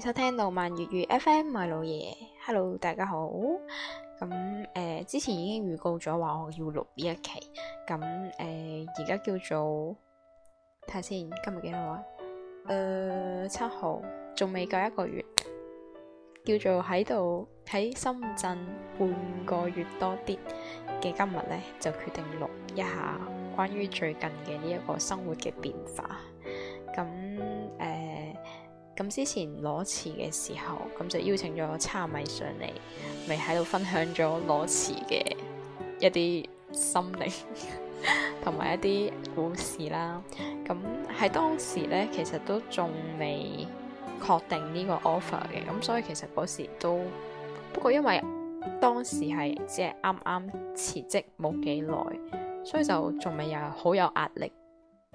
收聽浪漫粵語 FM，係老爺。Hello，大家好。咁誒、呃，之前已經預告咗話我要錄呢一期。咁誒，而、呃、家叫做睇下先，今日幾號啊？誒、呃，七號，仲未夠一個月。叫做喺度喺深圳半個月多啲嘅，今日咧就決定錄一下關於最近嘅呢一個生活嘅變化。咁。咁之前裸辭嘅時候，咁就邀請咗差米上嚟，咪喺度分享咗裸辭嘅一啲心靈同埋一啲故事啦。咁喺當時呢，其實都仲未確定呢個 offer 嘅，咁所以其實嗰時都，不過因為當時係只係啱啱辭職冇幾耐，所以就仲未有好有壓力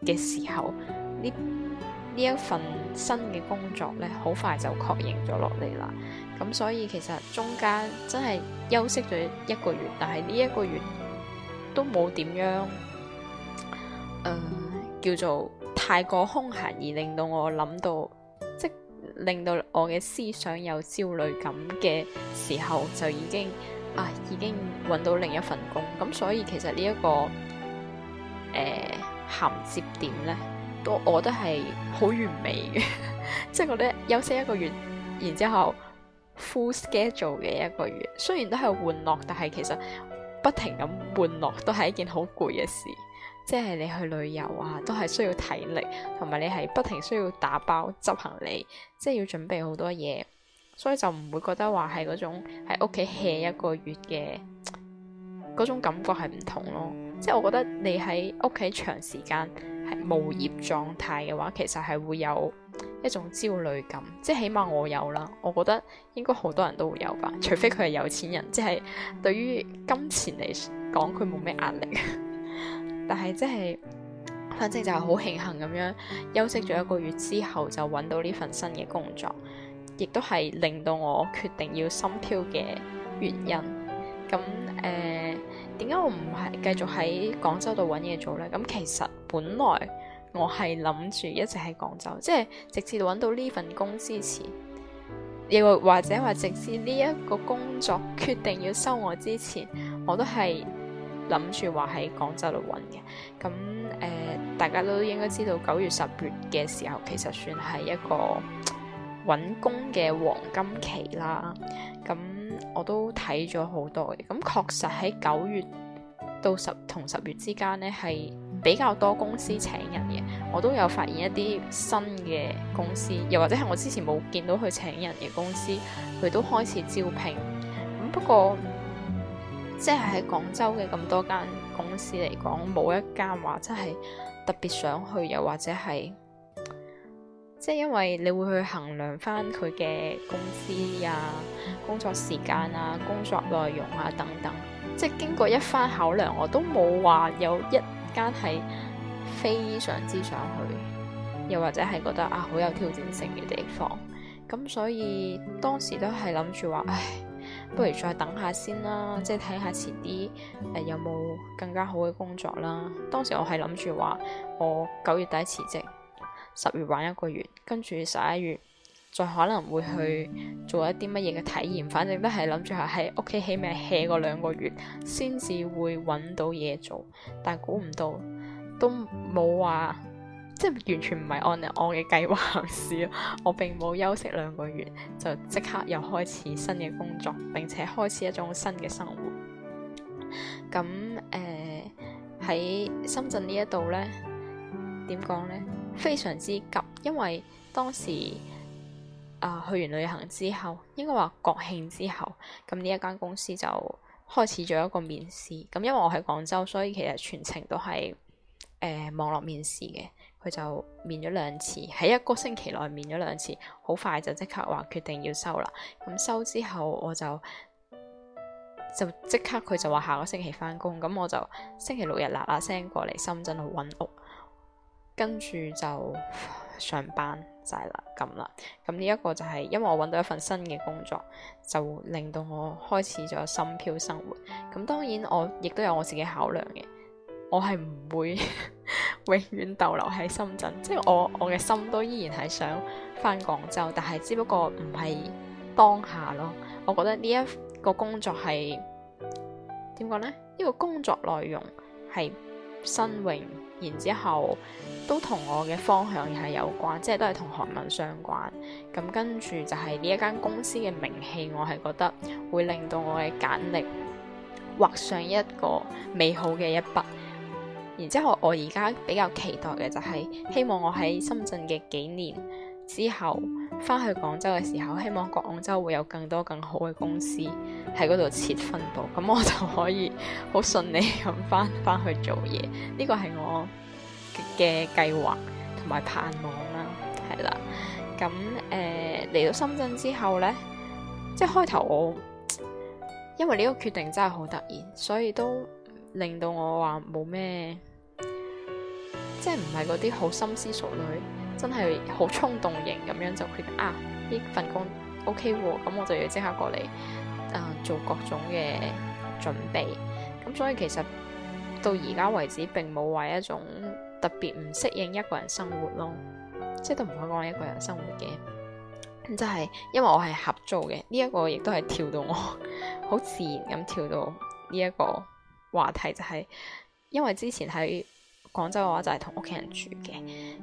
嘅時候呢。呢一份新嘅工作咧，好快就確認咗落嚟啦。咁所以其實中間真係休息咗一個月，但係呢一個月都冇點樣，誒叫做太過空閒而令到我諗到，即係令到我嘅思想有焦慮感嘅時候，就已經啊已經揾到另一份工。咁所以其實呢一個誒銜接點咧。我我都係好完美嘅， 即係我覺得休息一個月，然之後 full schedule 嘅一個月，雖然都係玩樂，但係其實不停咁玩樂都係一件好攰嘅事，即係你去旅遊啊，都係需要體力，同埋你係不停需要打包執行李，即係要準備好多嘢，所以就唔會覺得話係嗰種喺屋企歇一個月嘅嗰種感覺係唔同咯。即係我覺得你喺屋企長時間係無業狀態嘅話，其實係會有一種焦慮感。即係起碼我有啦，我覺得應該好多人都會有吧。除非佢係有錢人，即係對於金錢嚟講佢冇咩壓力。 但係即係，反正就係好慶幸咁樣休息咗一個月之後，就揾到呢份新嘅工作，亦都係令到我決定要深漂嘅原因。咁誒。呃點解我唔係繼續喺廣州度揾嘢做呢？咁其實本來我係諗住一直喺廣州，即係直至到揾到呢份工之前，亦或者話直至呢一個工作決定要收我之前，我都係諗住話喺廣州度揾嘅。咁誒，大家都應該知道九月十月嘅時候，其實算係一個揾工嘅黃金期啦。咁我都睇咗好多嘅，咁確實喺九月到十同十月之間呢係比較多公司請人嘅。我都有發現一啲新嘅公司，又或者係我之前冇見到佢請人嘅公司，佢都開始招聘。咁不過，即係喺廣州嘅咁多間公司嚟講，冇一間話真係特別想去，又或者係。即係因為你會去衡量翻佢嘅工資啊、工作時間啊、工作內容啊等等，即係經過一番考量，我都冇話有一間係非常之想去，又或者係覺得啊好有挑戰性嘅地方。咁所以當時都係諗住話，唉，不如再等下先啦，即係睇下遲啲誒有冇更加好嘅工作啦。當時我係諗住話，我九月底辭職。十月玩一個月，跟住十一月再可能會去做一啲乜嘢嘅體驗，反正都係諗住係喺屋企起碼 hea 個兩個月，先至會揾到嘢做。但估唔到都冇話，即係完全唔係按我嘅計劃行事。 我並冇休息兩個月，就即刻又開始新嘅工作，並且開始一種新嘅生活。咁誒喺深圳呢一度呢，點講呢？非常之急，因為當時啊、呃、去完旅行之後，應該話國慶之後，咁呢一間公司就開始咗一個面試，咁因為我喺廣州，所以其實全程都係誒、呃、網絡面試嘅。佢就面咗兩次，喺一個星期內面咗兩次，好快就即刻話決定要收啦。咁收之後我就就即刻佢就話下個星期翻工，咁我就星期六日嗱嗱聲過嚟深圳去揾屋。跟住就上班就係啦咁啦，咁呢一個就係因為我揾到一份新嘅工作，就令到我開始咗深漂生活。咁當然我亦都有我自己考量嘅，我係唔會 永遠逗留喺深圳，即係我我嘅心都依然係想翻廣州，但係只不過唔係當下咯。我覺得呢一個工作係點講呢？呢個工作內容係。薪酬，然之後都同我嘅方向係有關，即係都係同韓文相關。咁跟住就係呢一間公司嘅名氣，我係覺得會令到我嘅簡歷畫上一個美好嘅一筆。然之後我而家比較期待嘅就係，希望我喺深圳嘅幾年之後。翻去廣州嘅時候，希望廣州會有更多更好嘅公司喺嗰度設分部，咁我就可以好順利咁翻翻去做嘢。呢個係我嘅計劃同埋盼望啦，係啦。咁誒嚟到深圳之後呢，即係開頭我因為呢個決定真係好突然，所以都令到我話冇咩，即係唔係嗰啲好深思熟慮。真係好衝動型咁樣就決定啊呢份工 O K 喎，咁我就要即刻過嚟啊、呃、做各種嘅準備。咁所以其實到而家為止，並冇話一種特別唔適應一個人生活咯，即係都唔可以講一個人生活嘅。就係、是、因為我係合租嘅，呢、這、一個亦都係跳到我好自然咁跳到呢一個話題，就係、是、因為之前喺。廣州嘅話就係同屋企人住嘅，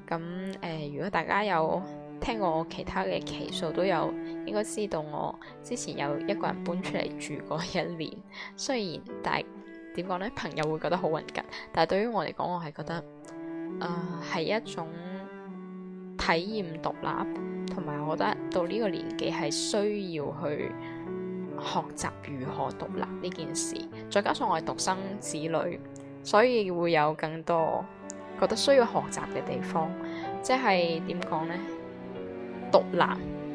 咁誒、呃，如果大家有聽過我其他嘅期數，都有應該知道我之前有一個人搬出嚟住過一年。雖然，但係點講呢，朋友會覺得好混吉，但係對於我嚟講，我係覺得啊，係、呃、一種體驗獨立，同埋我覺得到呢個年紀係需要去學習如何獨立呢件事。再加上我係獨生子女。所以會有更多覺得需要學習嘅地方，即係點講呢？獨立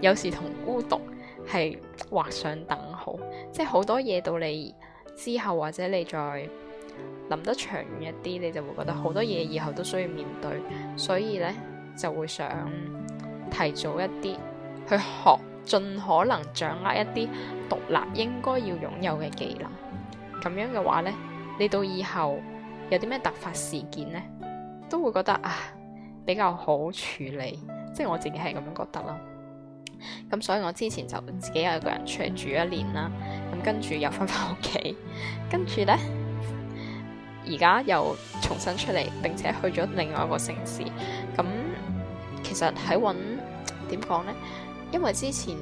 有時同孤獨係畫上等號，即係好多嘢到你之後或者你再諗得長遠一啲，你就會覺得好多嘢以後都需要面對，所以呢，就會想提早一啲去學，盡可能掌握一啲獨立應該要擁有嘅技能。咁樣嘅話呢。你到以後有啲咩突發事件呢，都會覺得啊，比較好處理，即係我自己係咁樣覺得啦。咁所以我之前就自己有一個人出嚟住一年啦，咁跟住又翻返屋企，跟 住呢，而家又重新出嚟，並且去咗另外一個城市。咁其實喺揾點講呢？因為之前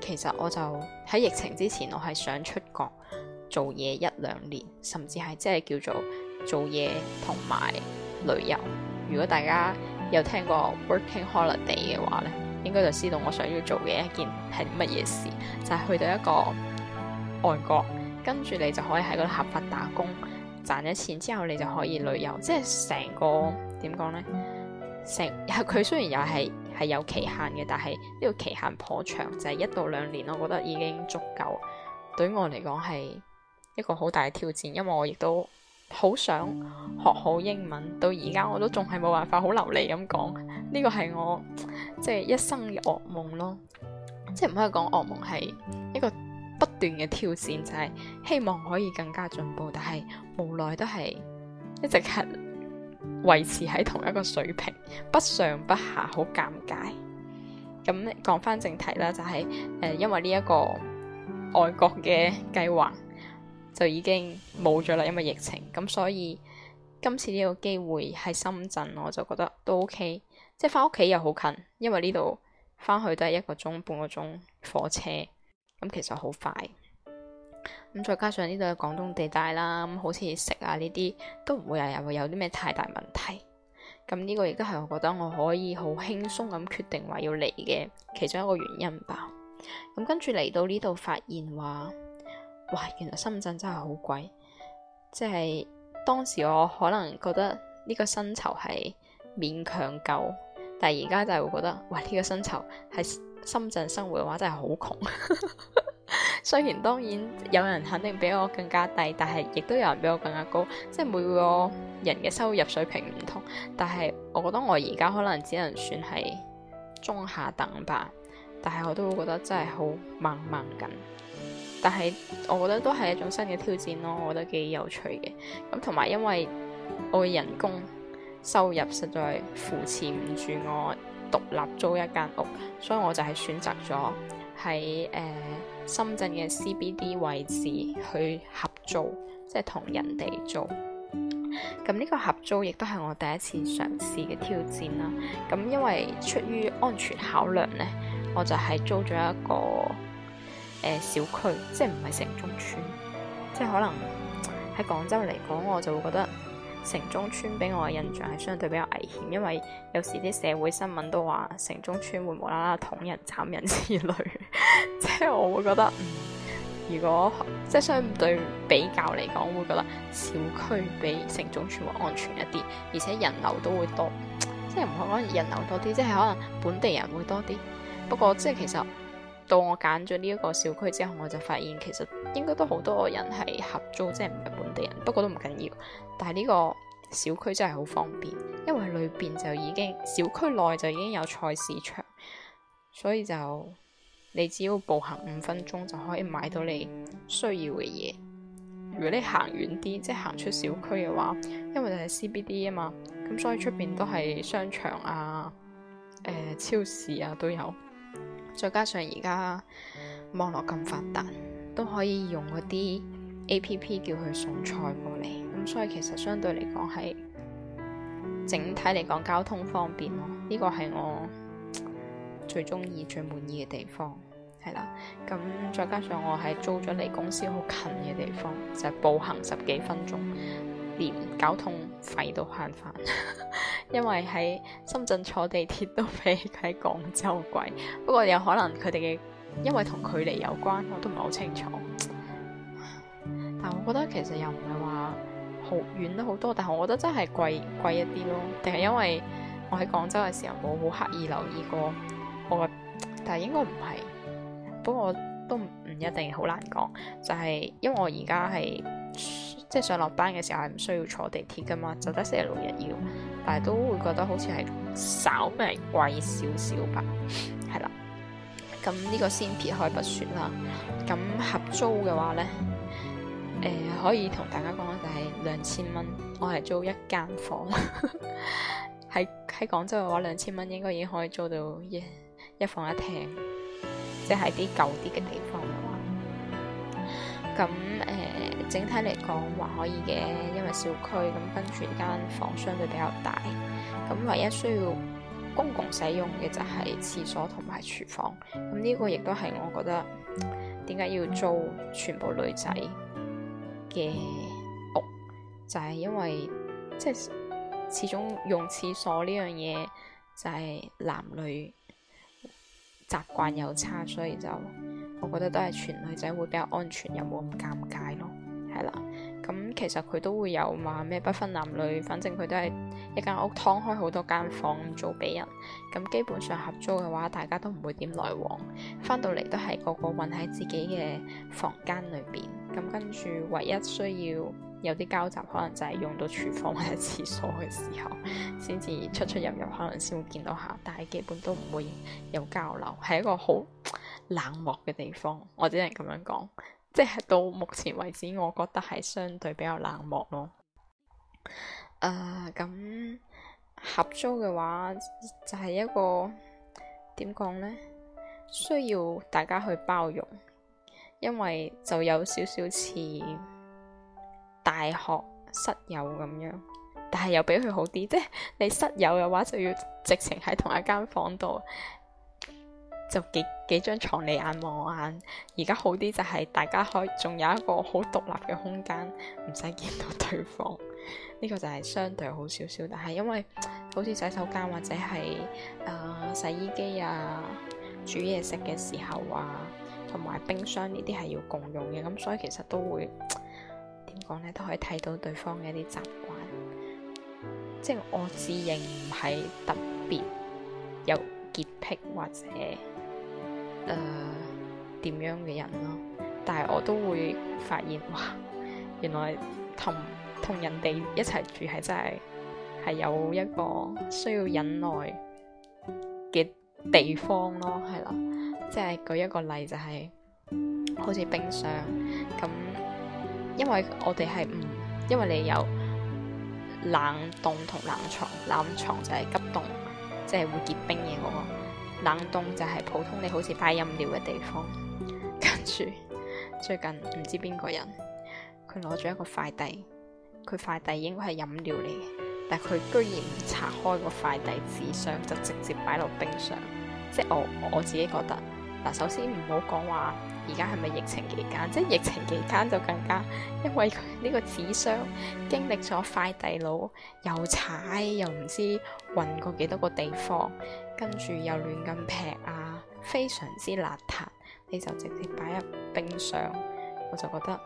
其實我就喺疫情之前，我係想出國。做嘢一兩年，甚至係即係叫做做嘢同埋旅遊。如果大家有聽過 Working Holiday 嘅話呢，應該就知道我想要做嘅一件係乜嘢事，就係去到一個外國，跟住你就可以喺嗰度合法打工，賺咗錢之後你就可以旅遊。即係成個點講呢？成佢雖然又係係有期限嘅，但係呢個期限頗長，就係一到兩年。我覺得已經足夠，對我嚟講係。一個好大嘅挑戰，因為我亦都好想學好英文。到而家我都仲係冇辦法好流利咁講，呢、這個係我即係、就是、一生嘅噩夢咯。即係唔可以講噩夢，係一個不斷嘅挑戰，就係、是、希望可以更加進步，但係無奈都係一直係維持喺同一個水平，不上不下，好尷尬。咁、嗯、講翻正題啦，就係、是、誒、呃，因為呢一個外國嘅計劃。就已經冇咗啦，因為疫情咁，所以今次呢個機會喺深圳，我就覺得都 OK，即係翻屋企又好近，因為呢度翻去都係一個鐘、半個鐘火車，咁其實好快。咁再加上呢度係廣東地帶啦，咁好似食啊呢啲都唔會係有啲咩太大問題。咁呢個亦都係我覺得我可以好輕鬆咁決定話要嚟嘅其中一個原因吧。咁跟住嚟到呢度，發現話，哇！原來深圳真係好貴，即係當時我可能覺得呢個薪酬係勉強夠，但係而家就係會覺得哇！呢個薪酬喺深圳生活嘅話真係好窮。 雖然當然有人肯定比我更加低，但係亦都有人比我更加高，即係每個人嘅收入水平唔同。但係我覺得我而家可能只能算係中下等吧，但係我都會覺得真係好掹掹緊。但係，我覺得都係一種新嘅挑戰咯，我覺得幾有趣嘅。咁同埋因為我嘅人工收入實在扶持唔住我獨立租一間屋，所以我就係選擇咗喺誒深圳嘅 CBD 位置去合租，即係同人哋租。咁呢個合租亦都係我第一次嘗試嘅挑戰啦。咁因為出於安全考量呢，我就係租咗一個。誒、呃，小區即係唔係城中村，即係可能喺廣州嚟講，我就會覺得城中村俾我嘅印象係相對比較危險，因為有時啲社會新聞都話城中村會無啦啦捅人、斬人之類， 即係我會覺得如果即係相對比較嚟講，我會覺得小區比城中村會安全一啲，而且人流都會多，即係唔可能人流多啲，即係可能本地人會多啲，不過即係其實。到我揀咗呢一個小區之後，我就發現其實應該都好多人係合租，即係唔係本地人，不過都唔緊要。但係呢個小區真係好方便，因為裏邊就已經，小區內就已經有菜市場，所以就，你只要步行五分鐘就可以買到你需要嘅嘢。如果你行遠啲，即係行出小區嘅話，因為就係 CBD 啊嘛，咁所以出邊都係商場啊、誒、呃、超市啊都有。再加上而家網絡咁發達，都可以用嗰啲 app 叫佢送菜過嚟，咁所以其實相對嚟講係整體嚟講交通方便咯，呢、這個係我最中意最滿意嘅地方，係啦。咁再加上我係租咗離公司好近嘅地方，就係、步行十幾分鐘。連交通費都慳翻， 因為喺深圳坐地鐵都比喺廣州貴。不過有可能佢哋嘅，因為同距離有關，我都唔係好清楚。但我覺得其實又唔係話好遠都好多，但係我覺得真係貴貴一啲咯。定係因為我喺廣州嘅時候冇好刻意留意過我嘅，但係應該唔係。不過都唔一定好難講，就係、是、因為我而家係。即係上落班嘅時候係唔需要坐地鐵噶嘛，就得四日六日要，但係都會覺得好似係稍微貴少少吧，係 啦。咁呢個先撇開不說啦。咁合租嘅話咧，誒、呃、可以同大家講就係兩千蚊，我係租一間房。喺喺廣州嘅話，兩千蚊應該已經可以租到一、yeah, 一房一廳，即係啲舊啲嘅地方嘅話，咁。整體嚟講還可以嘅，因為小區咁，跟住間房相對比較大，咁唯一需要公共使用嘅就係廁所同埋廚房。咁呢個亦都係我覺得點解要租全部女仔嘅屋，就係、是、因為即係、就是、始終用廁所呢樣嘢就係男女習慣有差，所以就我覺得都係全女仔會比較安全，又冇咁尷尬。啦，咁、嗯、其實佢都會有話咩不分男女，反正佢都係一間屋劏開好多間房做俾人。咁、嗯、基本上合租嘅話，大家都唔會點來往，翻到嚟，都係個個混喺自己嘅房間裏邊。咁、嗯、跟住唯一需要有啲交集，可能就係用到廚房或者廁所嘅時候，先至出出入入，可能先會見到下。但係基本都唔會有交流，係一個好冷漠嘅地方。我只能咁樣講。即係到目前為止，我覺得係相對比較冷漠咯。誒，咁合租嘅話就係、是、一個點講咧？需要大家去包容，因為就有少少似大學室友咁樣，但係又比佢好啲。即係你室友嘅話就要直情喺同一間房度。就幾幾張床，你眼望我、啊、眼。而家好啲就係大家可以仲有一個好獨立嘅空間，唔使見到對方。呢個就係相對好少少。但係因為好似洗手間或者係、呃、洗衣機啊、煮嘢食嘅時候啊，同埋冰箱呢啲係要共用嘅，咁所以其實都會點講呢，都可以睇到對方嘅一啲習慣。即係我自認唔係特別有潔癖或者。誒，點樣嘅人咯？但係我都會發現，哇，原來同同人哋一齊住係真係係有一個需要忍耐嘅地方咯，係啦，即係舉一個例就係好似冰箱咁，因為我哋係唔，因為你有冷凍同冷藏，冷藏就係急凍，即係會結冰嘅嗰個。冷凍就係普通你好似擺飲料嘅地方，跟住最近唔知邊個人佢攞咗一個快遞，佢快遞應該係飲料嚟嘅，但佢居然唔拆開個快遞紙箱就直接擺落冰箱，即係我我自己覺得嗱，首先唔好講話而家係咪疫情期間，即係疫情期間就更加，因為佢呢個紙箱經歷咗快遞佬又踩又唔知運過幾多個地方。跟住又亂咁劈啊，非常之邋遢。你就直接擺入冰箱，我就覺得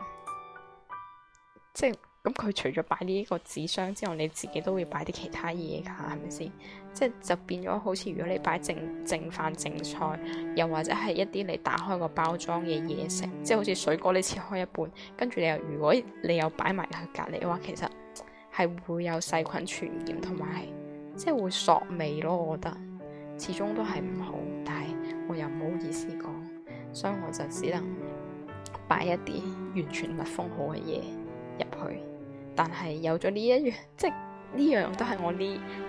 即係咁。佢除咗擺呢個紙箱之外，你自己都會擺啲其他嘢㗎，係咪先？即係就變咗好似如果你擺剩剩飯剩菜，又或者係一啲你打開個包裝嘅嘢食，即係好似水果你切開一半，跟住你又如果你又擺埋喺隔離嘅話，其實係會有細菌傳染，同埋係，即係會索味咯。我覺得。始終都係唔好，但係我又唔好意思講，所以我就只能擺一啲完全密封好嘅嘢入去。但係有咗呢一樣，即係呢樣都係我呢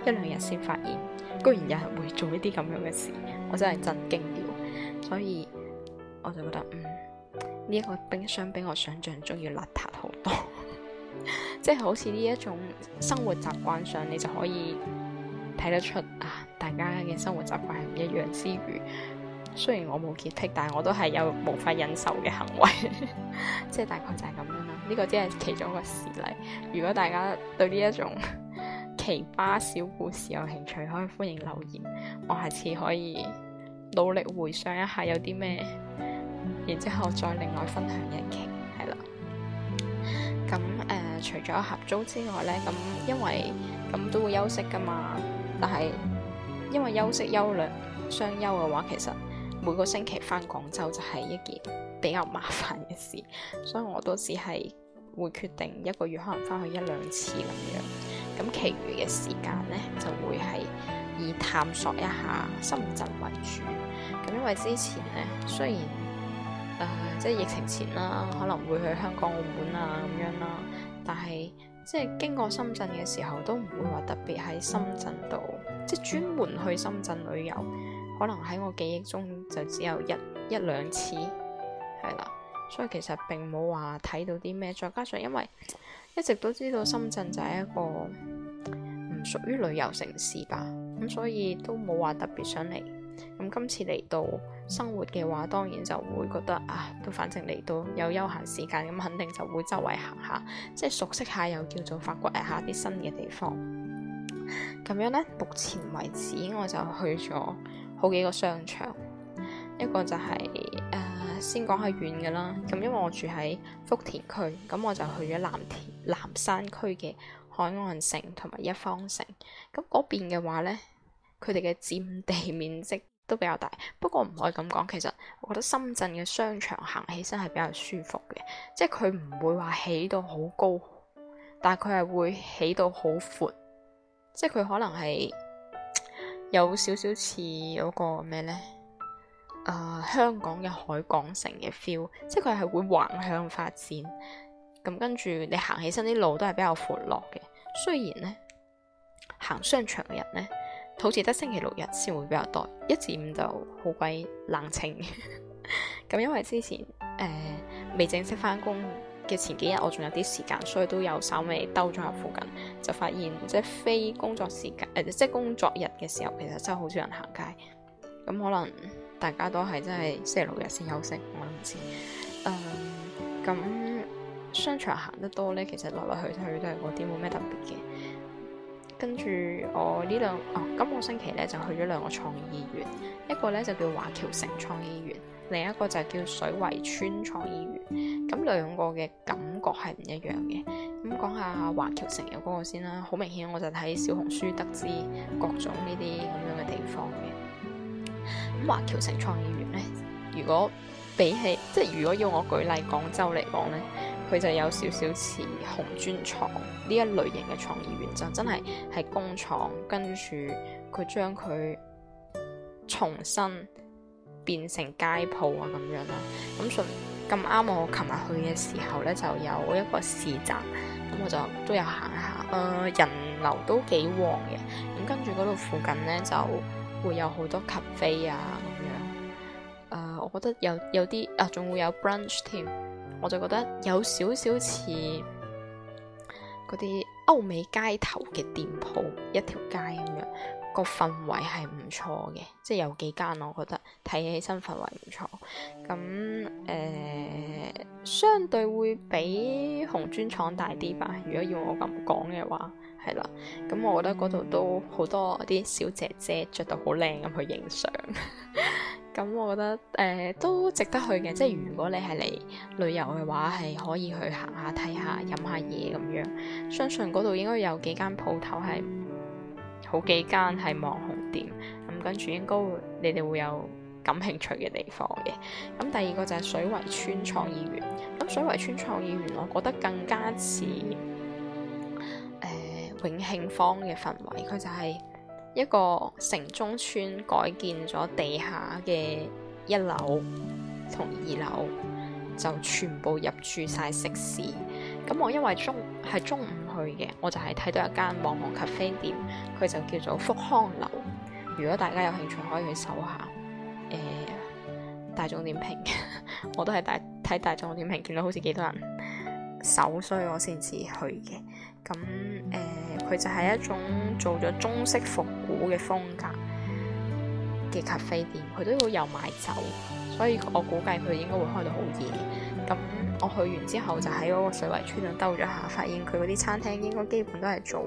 一兩日先發現，居然有人會做呢啲咁樣嘅事，我真係震驚咗。所以我就覺得，嗯，呢、這、一個冰箱比我想象中要邋遢好多， 即係好似呢一種生活習慣上，你就可以。睇得出啊，大家嘅生活習慣係唔一樣之餘，雖然我冇潔癖，但係我都係有無法忍受嘅行為，即 係大概就係咁樣啦。呢、這個只係其中一個事例。如果大家對呢一種奇葩小故事有興趣，可以歡迎留言，我下次可以努力回想一下有啲咩，然之後再另外分享一期。係啦。咁誒、呃，除咗合租之外咧，咁因為咁都會休息噶嘛。但係，因為休息休兩雙休嘅話，其實每個星期翻廣州就係一件比較麻煩嘅事，所以我都只係會決定一個月可能翻去一兩次咁樣，咁其餘嘅時間呢，就會係以探索一下深圳為主。咁因為之前呢，雖然、呃、即係疫情前啦，可能會去香港澳門啊咁樣啦，但係。即係經過深圳嘅時候，都唔會話特別喺深圳度，即係專門去深圳旅遊，可能喺我記憶中就只有一一兩次，係啦，所以其實並冇話睇到啲咩，再加上因為一直都知道深圳就係一個唔屬於旅遊城市吧，咁所以都冇話特別想嚟。咁今次嚟到生活嘅話，當然就會覺得啊，都反正嚟到有休閒時間，咁肯定就會周圍行下，下，即係熟悉下，又叫做發掘下啲新嘅地方。咁樣呢，目前為止我就去咗好幾個商場，一個就係、是、誒、呃、先講下遠嘅啦。咁、嗯、因為我住喺福田區，咁、嗯、我就去咗南田南山區嘅海岸城同埋一方城。咁嗰邊嘅話呢。佢哋嘅佔地面積都比較大，不過唔可以咁講。其實我覺得深圳嘅商場行起身係比較舒服嘅，即係佢唔會話起到好高，但係佢係會起到好闊，即係佢可能係有少少似嗰個咩呢？誒、呃，香港嘅海港城嘅 feel，即係佢係會橫向發展。咁跟住你行起身啲路都係比較闊落嘅，雖然呢，行商場嘅人呢，好似得星期六日先會比較多，一至五就好鬼冷清。咁、 嗯、因為之前誒未、呃、正式翻工嘅前幾日，我仲有啲時間，所以都有稍微兜咗下附近，就發現即係非工作時間誒、呃，即係工作日嘅時候，其實真係好少人行街。咁、嗯、可能大家都係真係星期六日先休息，我唔知。誒、嗯，咁、嗯嗯、商場行得多咧，其實來來去去都係嗰啲冇咩特別嘅。跟住我呢兩哦，今個星期咧就去咗兩個創意園，一個咧就叫華僑城創意園，另一個就叫水圍村創意園。咁兩個嘅感覺係唔一樣嘅。咁講下華僑城有嗰個先啦，好明顯我就睇小紅書得知各種呢啲咁樣嘅地方嘅。咁華僑城創意園呢，如果比起，即係如果要我舉例廣州嚟講呢。佢就有少少似紅磚廠呢一類型嘅創意園，就真係係工廠，跟住佢將佢重新變成街鋪啊咁樣啦。咁順咁啱，我琴日去嘅時候呢，就有一個市集，咁我就都有行下。誒、呃、人流都幾旺嘅，咁跟住嗰度附近呢，就會有好多咖啡啊咁樣。誒、呃，我覺得有有啲啊，仲會有 brunch 添。我就覺得有少少似嗰啲歐美街頭嘅店鋪，一條街咁樣個氛圍係唔錯嘅，即係有幾間我覺得睇起身氛圍唔錯。咁誒、呃，相對會比紅磚廠大啲吧。如果要我咁講嘅話，係啦。咁我覺得嗰度都好多啲小姐姐着到好靚咁去影相。 咁、嗯、我覺得誒、呃、都值得去嘅，即係如果你係嚟旅遊嘅話，係可以去行下睇下飲下嘢咁樣。相信嗰度應該有幾間鋪頭係好幾間係網紅店，咁跟住應該你哋會有感興趣嘅地方嘅。咁第二個就係水圍村創意園，咁水圍村創意園我覺得更加似誒、呃、永慶坊嘅氛圍，佢就係、是。一個城中村改建咗地下嘅，一樓同二樓，就全部入住晒食肆。咁我因為中係中午去嘅，我就係睇到一間網紅咖啡店，佢就叫做福康樓。如果大家有興趣，可以去搜下誒、呃、大眾點評， 我都係大睇大眾點評，見到好似幾多人。手，所以我先至去嘅。咁、呃、誒，佢就係一種做咗中式復古嘅風格嘅咖啡店，佢都要有賣酒，所以我估計佢應該會開到好夜。咁我去完之後就喺嗰個水圍村度兜咗下，發現佢嗰啲餐廳應該基本都係做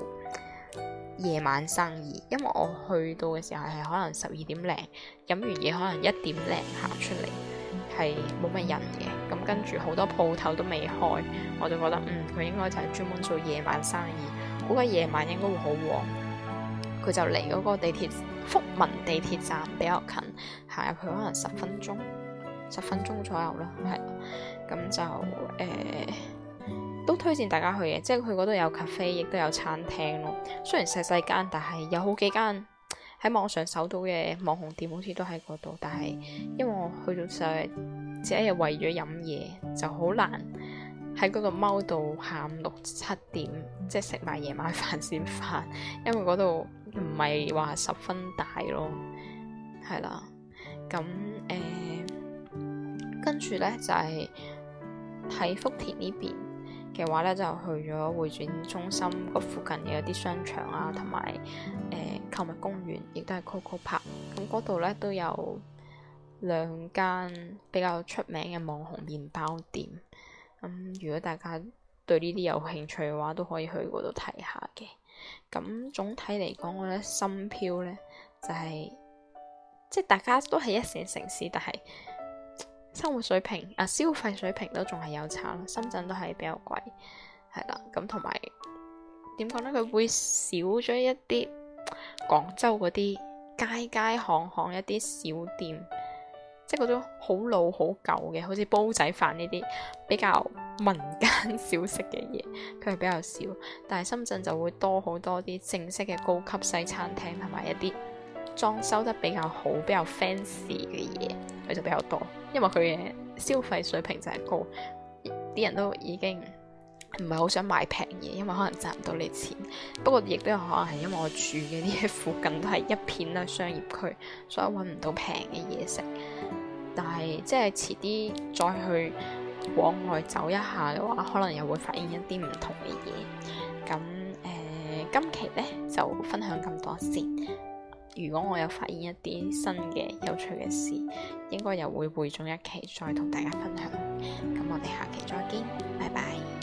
夜晚生意，因為我去到嘅時候係可能十二點零，飲完嘢可能一點零行出嚟，係冇乜人嘅。跟住好多鋪頭都未開，我就覺得，嗯，佢應該就係專門做夜晚生意，估計夜晚應該會好旺，哦。佢就離嗰個地鐵福民地鐵站比較近，行入去可能十分鐘，十分鐘左右啦，係，嗯。咁就誒，呃、都推薦大家去嘅，即係佢嗰度有咖啡，亦都有餐廳咯。雖然細細間，但係有好幾間喺網上搜到嘅網紅店好似都喺嗰度，但係因為我去到時即係為咗飲嘢，就好難喺嗰度踎到下午六七點，即係食埋夜晚飯先返，因為嗰度唔係話十分大咯，係啦，咁誒跟住咧就係、是、喺福田呢邊嘅話咧，就去咗會展中心個附近嘅一啲商場啊，同埋誒購物公園，亦都係 Coco Park，咁嗰度咧都有。兩間比較出名嘅網紅麵包店咁、嗯，如果大家對呢啲有興趣嘅話，都可以去嗰度睇下嘅。咁、嗯、總體嚟講，我覺得深漂呢就係、是、即係大家都係一線城市，但係生活水平啊，消費水平都仲係有差咯。深圳都係比較貴，係啦。咁同埋點講呢？佢會少咗一啲廣州嗰啲街街巷巷一啲小店。即係嗰種好老好舊嘅，好似煲仔飯呢啲比較民間小食嘅嘢，佢係比較少。但係深圳就會多好多啲正式嘅高級西餐廳，同埋一啲裝修得比較好、比較 fancy 嘅嘢，佢就比較多。因為佢嘅消費水平就係高，啲人都已經唔係好想買平嘢，因為可能賺唔到你錢。不過亦都有可能係因為我住嘅啲附近都係一片都係商業區，所以揾唔到平嘅嘢食。但係即係遲啲再去往外走一下嘅話，可能又會發現一啲唔同嘅嘢。咁誒、呃，今期呢就分享咁多先。如果我有發現一啲新嘅有趣嘅事，應該又會匯總一期再同大家分享。咁我哋下期再見，拜拜。